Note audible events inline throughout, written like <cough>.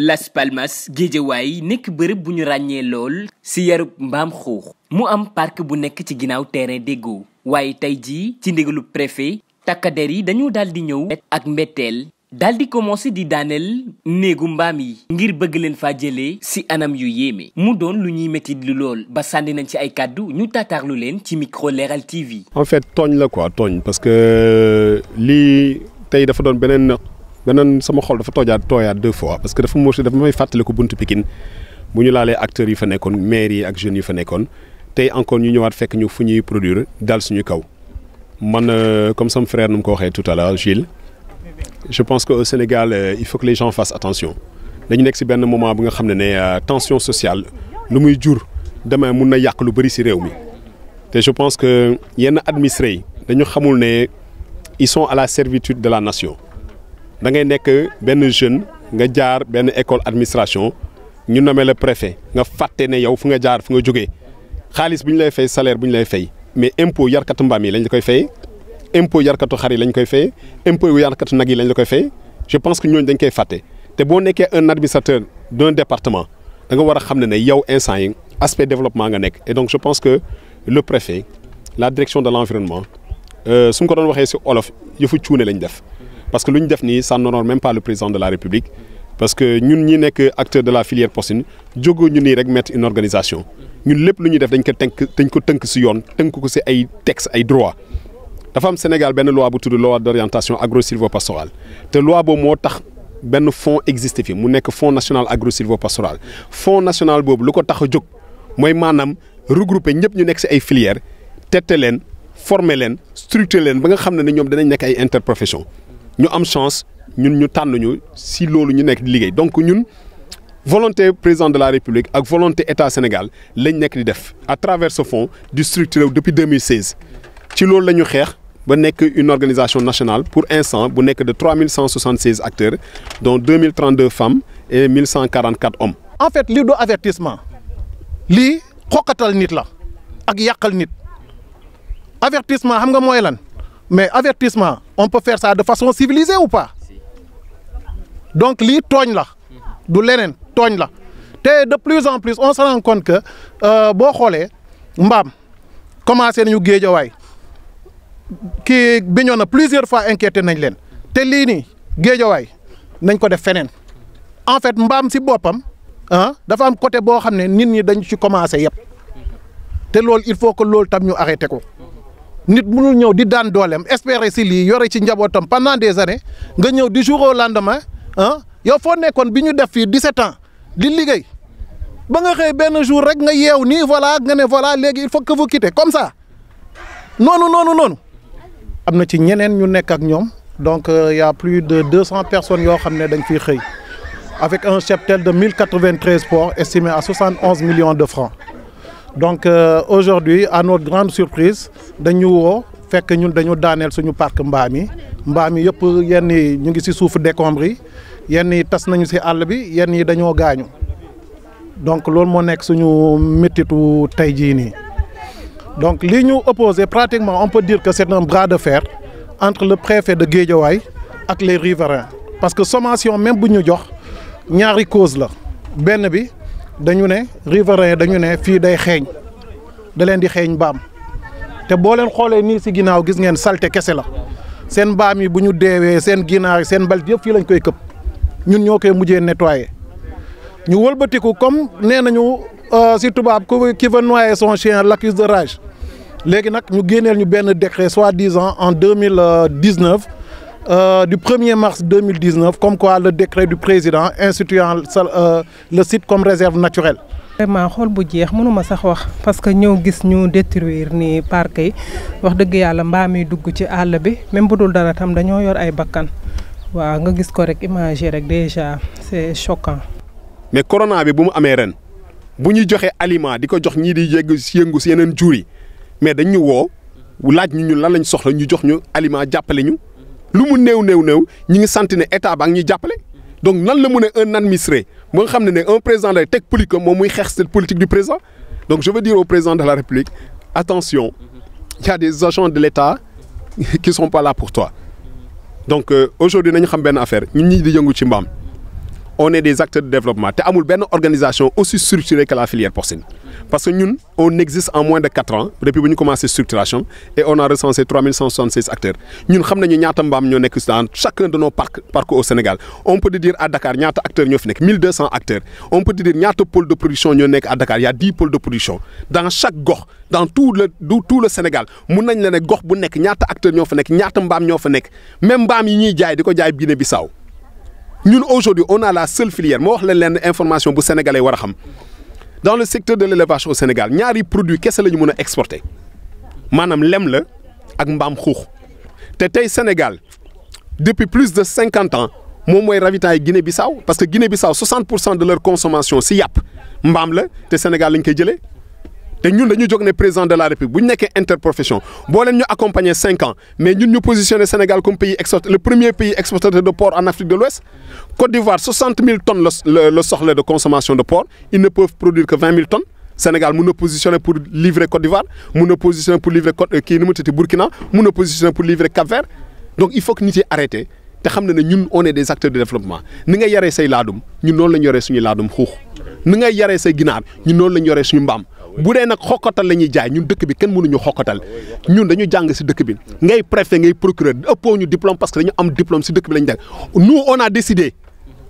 Las Palmas Guédiawaye nekk bërëb bu ñu ràññee lool ci yarub mbaam xuux mu am parc bu nekk ci ginnaaw terrain déggoo waaye tey jii ci ndigalu préfet takkader yi dañoo daal di ñëw ak mbetteel daal di commencé di daaneel néegu mbaam yi ngir bëgg leen faa jëlee ci anam yu yéeme mu doon lu ñuy métti lu lool ba sànni nañ ci ay kàddu ñu taataarlu leen ci micro Leral TV. en fait tooñ la quoi tooñ parce que euh, lii tey dafa doon beneen. beneen sama xol dafa toojaat tooyaat deux fois parce que dafa mos dafa may fàttali ko buntu Pikine bu ñu laalee acteurs yi fa nekkoon maires yi ak jeunes yi fa nekkoon tey encore ñu ñëwaat fekk ñu fu ñuy produir daal suñu kaw. man euh, comme sama frère nu mu ko waxee tout à l'heure Gilles je pense que au Sénégal euh, il faut que les gens fassent attention dañu nekk ci benn moment bu nga xam ne ne euh, tension sociale lu muy jur demain mun na yàq lu bari si réew mi te je pense que yenn administrés yi dañu xamul ne ils sont à la servitude de la nation. da ngay nekk benn jeune nga jaar benn école administration ñu nommé la préfet nga fàtte ne yow fu nga jaar fu nga jógee xaalis bi ñu lay fay salaire bu ñu lay fay mais impôt yarkatu mbaam yi lañ la koy fay impôt yarkatu xar yi lañ koy fay impôt yarkatu nag yi lañ la koy fay je pense que ñooñu dañ koy fàtte te boo nekkee un administrateur d'un département da nga war a xam ne ne yow instant yi aspect développement nga nekk et donc je pense que le pré la direction de l'environnement euh, su ñu ko doon waxee ci olof yëfu cuune lañ def parce que lu ñu def nii ça n'honore même pas le président de la République parce que ñun ñi nekk acteur de la filière porcine jógoo ñu nii rek mettre une organisation ñun lépp lu ñuy def dañ ko tënk dañ ko tënk si yoon tënk ko si ay texte ay droit dafa am Sénégal benn loi bu tudd loi d'orientation agro-sylvo-pastorale te loi boobu moo tax benn fonds existé fi mu nekk fonds national agro-sylvo-pastoral fonds national boobu lu ko tax a jóg mooy maanaam regrouper ñëpp ñu nekk si ay filières tette leen former leen structurer leen ba nga xam ne ne ñoom danañ nekk ay interprofession ñu am chance ñun ñu tànn ñu si loolu ñu nekk di liggéey donc ñun volonté président de la république ak volonté état Sénégal lañ nekk di def à travers ce fonds di structuré depuis 2016 ci loolu la ñu xeex ba nekk une organisation nationale pour instant bu nekk de 3176 acteurs dont 2032 femmes et 1144 hommes. en fait lii du avertissement lii xoqatal nit la ak yàqal nit avertissement xam nga mooy lan mais avertissement. on peut faire ça de façon civilisée ou pas donc lii tooñ la du leneen tooñ la te de plus en plus on se rend compte que euh, boo xoolee mbaam commencé nañu géejawaay kii bi ñoo na plusieurs fois inquiété nañ leen te lii nii géejawaay nañ ko def feneen en fait mbaam si boppam ah dafa am côté boo xam ne nit ñi dañ ci commencé yëpp te loolu il faut que loolu tam ñu arrêté ko. nit mënul ñëw di daan dooleem espérer si lii yore ci njabootam pendant des années nga ñëw di jour au lendemain ah yow foo nekkoon bi ñu def fii 17 ans di liggéey ba nga xëy benn jour rek nga yeew nii voilà nga ne voilà léegi il faut que comme ça noonu noonu noonu am na ci ñeneen ñu nekk ak ñoom donc il euh, y a plus de 200 personnes yoo xam ne dañ fiy xëy avec un cheptel de 1093 porcs estimé à 71 million de francs donc euh, aujourd'hui à notre grande surprise dañu woo fekk ñu dañu daaneel suñu parc mbaam yi mbaam yi yëpp yenn yi ñu ngi si suuf décombre yi yenn yi tas nañu si àll bi yenn yi dañoo gaañu donc loolu moo nekk suñu méttitu tey jii nii donc lii ñu opposé pratiquement on peut dire que c'est un bras de fer entre le préfet de Guédiawaye ak les riverains parce que sommation même bu ñu jox ñaari cause la benn bi dañu ne riverain dañu ne fii day xeeñ da leen di xeeñ mbaam te boo leen xoolee nii si ginnaaw gis ngeen salte kese la seen mbaam yi bu ñu deewee seen ginaar yi seen mbalit yëpp fii lañ koy këpp ñun ñoo koy mujjee nettoyer ñu wëlbatiku comme nee nañu si euh, tubaab ku qui veut noyer son chien l'accuse de rage léegi nag ñu génneel ñu benn décret soi-disant en deux mille euh, dix-neuf Euh, du 1er mars 2019, comme quoi le décret du président instituant euh, le site comme réserve naturelle. vraiment xool bu jeex mënuma sax wax parce que ñëw gis ñu détruire ni parc yi wax dëgg yàlla mbaam yi dugg ci àll bi même bu dul dara tam dañoo yor ay bakkan waaw nga gis ko rek image rek déjà c'est choquant. mais corona bi bu mu amee ren bu ñu joxe aliment di ko jox ñii di yëngu yëngu si yeneen jur yi mais dañ ñu woo laaj ñu ñu lan lañ soxla ñu jox ñu aliment jàppale ñu. lu mu néew néew néew ñi ngi sant ne état ba ngi ñuy jàppale donc nan la mu ne un nan ba moo xam ne ne un président lay teg politique moom muy xeex cette politique du président donc je veux dire au président de la république attention il a des agents de l'état <laughs> qui sont pas là pour toi donc euh, aujourd'hui nañu xam benn affaire ñun ñi di yëngu ci mbaam on est des acteurs de développement te amul benn organisation aussi structurée que la filière porcine parce que ñun on existe en moins de quatre ans depuis bu ñu commencé structuration on a recensé 3166 acteurs ñun xam nañu ñaata mbaam ñoo nekk dans chacun de nos parcs parcs au Sénégal on peut dire à Dakar ñaata acteurs nekk acteurs on peut dire ñaata pôle de production ñoo nekk à Dakar il y a 10 pôles de production dans chaque gox dans tout le tout Sénégal mun nañ la ne gox bu nekk ñaata acteurs ñoo fa nekk ñaata mbaam ñoo fa nekk même mbaam yi jaay di ko jaay Guinée Bissau wax leen leen information bu sénégalais war dans le secteur de l' élevage au Sénégal ñaari produit kese la ñu mën a exporter maanaam lem la ak mbaam xuux te tey Sénégal depuis plus de cinquante ans moom mooy ravitaay Guinée-Bissau parce que Guinée-Bissau 60 pour cent de leur consommation si yàpp mbaam la te Sénégal lañ koy jëlee. te ñun dañu jóg ne président de la république bu ñu nekkee interprofession boo leen ñu accompagner cinq ans mais ñun ñu positionné Sénégal comme pays le premier pays exportateur de porc en Afrique de l'Ouest Côte d'Ivoire soixante la la soxla de consommation de porc ils ne peuvent produire que vingt mille tonnes. Sénégal mun na positionné pour livrer Côte d'Ivoire mun na pour livrer Côte kii nu Burkina mun na pour livrer cap donc il faut que nit yi arrêté te xam na ne ñun on est des ni nga yaree say laadum la ñu yoree suñu laadum xuux ni nga yaree say noonu la ñu yoree suñu mbaam. bu dee nag xokkatal la ñuy jaay ñun dëkk bi kenn mënuñu xokkatal ñun dañu jàng si dëkk bi ngay préfet ngay procureur ëppoo ñu diplôme parce que dañu am diplôme si dëkk bi lañu jàng nous on a décidé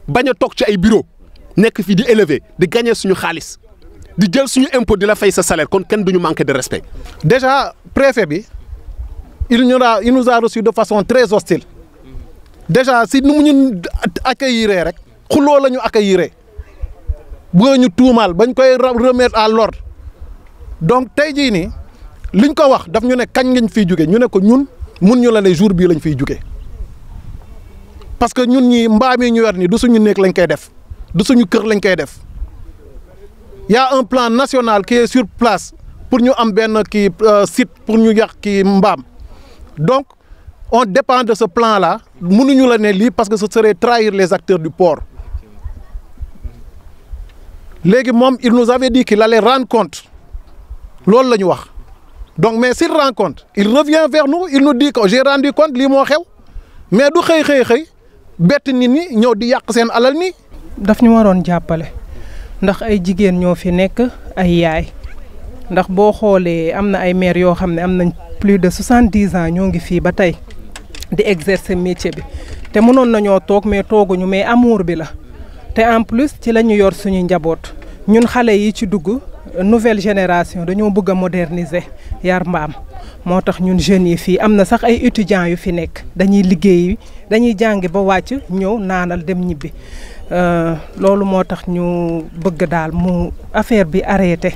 bañ toog ci ay bureau nekk fii di élever di gagner suñu xaalis di jël suñu impôt di la fay sa salaire kon kenn duñu manquer de respect. déjà préfet bi il nous a il nous a reçu de façon très hostile déjà si nu mu ñu accueillir rek xuloo la ñu accueillir boo ñu tuumaal bañ koy remettre à l'ordre donc tey jii nii liñ ko wax daf ñu ne kañ ngañ fiy jugee ñu ne ko ñun mun ñu la ne jour bii lañ fiy jóge parce que ñun ñi mbaam yi ñu yor nii du suñu néeg lañ koy def du suñu kër lañ koy def y un plan national qui est sur place pour ñu am benn kii euh, site pour ñu yàq kii mbaam donc on dépend de ce plan là mënuñu la ne lii parce que ce serait trahir les acteurs du port léegi moom il nous di dit qu'il allait rendre compte loolu la ñu wax donc mais s'il rencontre il revient vers nous il nous dit que j'ai rendu lii moo xew mais du xëy xëy xëy bett nit ñi ñëw di yàq seen alal nii. daf ñu waroon jàppale ndax ay jigéen ñoo fi nekk ay yaay ndax boo xoolee am na ay maire yoo xam ne am nañ plus de soixante-dix ans ñoo ngi fii ba tey di exercer métier bi te mënoon nañoo toog mais tooguñu mais amour bi la te en plus ci la ñu yor suñuy njaboot ñun xale yi ci dugg. nouvelle génération dañoo bëgg a moderniser yar mbaam moo tax ñun jeunes yi fii am na sax ay étudiants yu fi nekk dañuy liggéey dañuy jàngi ba wàcc ñëw naanal dem ñibbi euh, loolu moo tax ñu bëgg daal mu affaire bi arrêté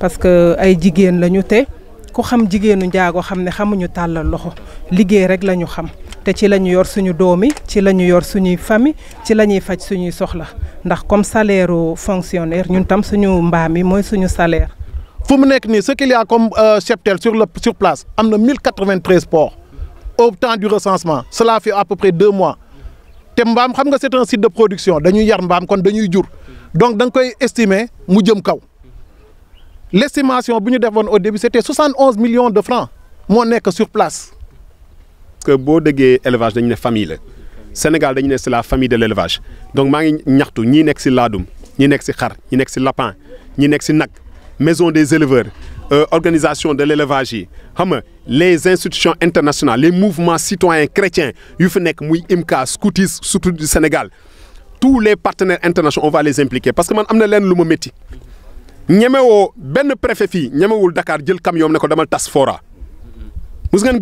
parce que ay jigéen lañu te ku xam jigéenu njaago xam ne xamuñu tàllal loxo liggéey rek lañu xam. te ci la ñu yor suñu doom yi ci la ñu yor suñuy famille ci la ñuy faj suñuy soxla ndax comme salaire fonctionnaire ñun tam suñu mbaam yi mooy suñu salaire. fu mu nekk nii ce comme euh, cheptel sur le sur place am na 1093 porcs au temps du recensement cela fait à peu près deux mois te mbaam xam nga c'est site de production dañuy yar mbaam kon dañuy jur donc da koy estimer mu jëm kaw l'estimation bu ñu defoon au début c'était 71 millions de francs moo nekk sur place. que boo déggee élevage dañu ne famille la Sénégal dañu ne c'est la famille de l'élevage donc maa ngi ñaxtu ñii nekk ci laadum ñi nekk ci xar ñi nekk ci lapin ñi nekk si nag maison des éleveurs euh, organisation de l'élevage yi xam nga les institutions internationales les mouvements citoyens chrétiens yu fi nekk muy IMCA Scoutis surtout du Sénégal tous les partenaires internationaux on va les impliquer parce que man am na leen lu ma métti ñemewoo benn préfet fii ñemewul Dakar jël camion ne ko demal tas fora mos ngeen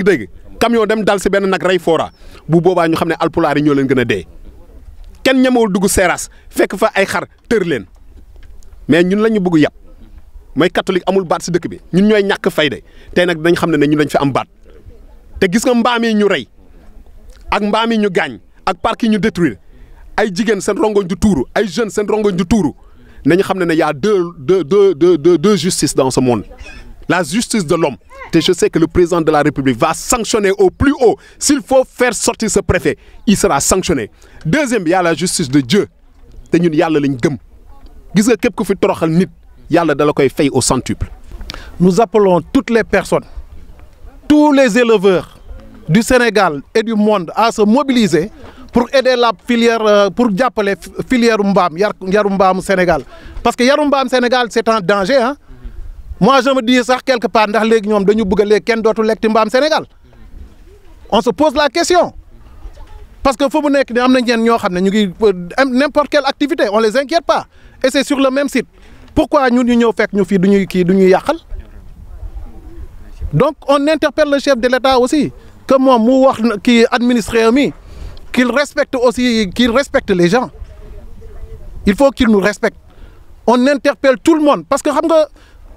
camion dem dal si benn nag rey foora bu boobaa ñu xam ne alpulaar yi ñoo leen gën a dee kenn ñemewul dugg seeraas fekk fa ay xar tër leen mais ñun la ñu bëgg yàpp mooy catholique amul baat si dëkk bi ñun ñooy ñàkk fayde tey nag dañ xam ne ne ñu dañ fi am baat te gis nga mbaam yi ñu rey ak mbaam yi ñu gaañ ak parc ñu détruire ay jigéen seen rongoñ du tuuru ay jeunes seen rongoñ du tuuru nañu xam ne ne y a deux deux deux deux deux justice dans ce monde la justice de l'homme. te je sais que le président de la République va sanctionner au plus haut. S'il faut faire sortir ce préfet, il sera sanctionné. Deuxième, il y la justice de Dieu. te ñun yàlla lañ gëm gis nga képp ku fi toroxal nit yàlla dala koy fay au centuple. nous appelons toutes les personnes tous les éleveurs du Sénégal et du monde à se mobiliser pour aider la filière euh, pour jàppale filière mbaam yar yaru mbaamu Sénégal parce que yaru mbaam Sénégal c'est en danger hein. mois je me dis sax quelque part ndax léegi ñoom dañu bëgg a léegi kenn dootu lekk mbaam Sénégal on se pose la question parce que foo mu nekk ni am na ñeen ñoo xam ne ñu ngi euh, n'importe quelle activité on les inquiète pas et c'est sur le même site pourquoi ñun ñu ñëw fekk ñu fi du ñuy kii du yàqal donc on interpelle le chef de l'État aussi que moom mu wax kii administré mi qu'il respecte aussi qu'il respecte les gens il faut qu'il nous respecte on interpelle tout le monde parce que xam nga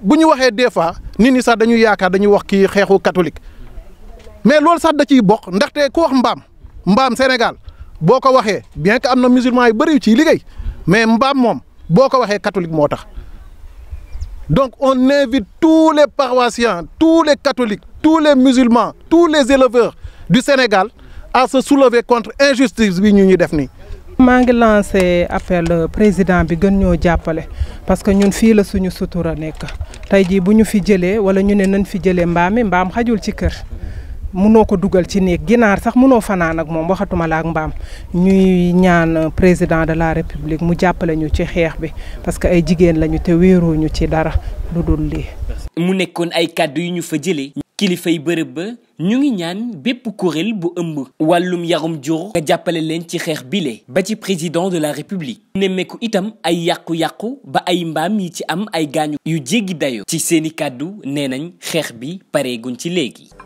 bu ñu waxee des fois nit ñi sax dañuy yaakaar dañuy wax kii xeexu catholique mais loolu sax da ciy bokk ndaxte ku wax mbaam mbaam Sénégal boo ko waxee bien que am na musulman yi bëri yu ciy liggéey mais mbaam moom boo ko waxee catholique moo tax. donc on invite tous les paroissiens tous les catholiques tous les musulmans tous les éleveurs du Sénégal à se soulever contre injustice bi ñu ñuy def nii. maa ngi lancé appel euh, président bi gën ñoo jàppale parce que ñun fii la suñu sutura nekk tey jii bu ñu fi jëlee wala ñu ne nañ fi jëlee mbaam yi mbaam xajul ci kër munoo ko dugal ci néeg ginaar sax munoo fanaan ak moom waxatuma la ak mbaam ñuy ñaan euh, président de la république mu jàppale ñu ci xeex bi parce que ay jigéen lañu te wéeruñu ci dara lu dul lii. mu nekkoon ay kàddu yu ñu fa jëlee. kilifay bërëb ba ñu ngi ñaan bépp kuréel bu ëmb wàllum yarum jur nga jàppale leen ci xeex bile ba ci président de la république nemmeeku itam ay yàqu-yàqu ba ay mbaam yi ci am ay gaañu yu jéggi dayoo ci seeni kàddu nee nañ xeex bi pareeguñ ci léegi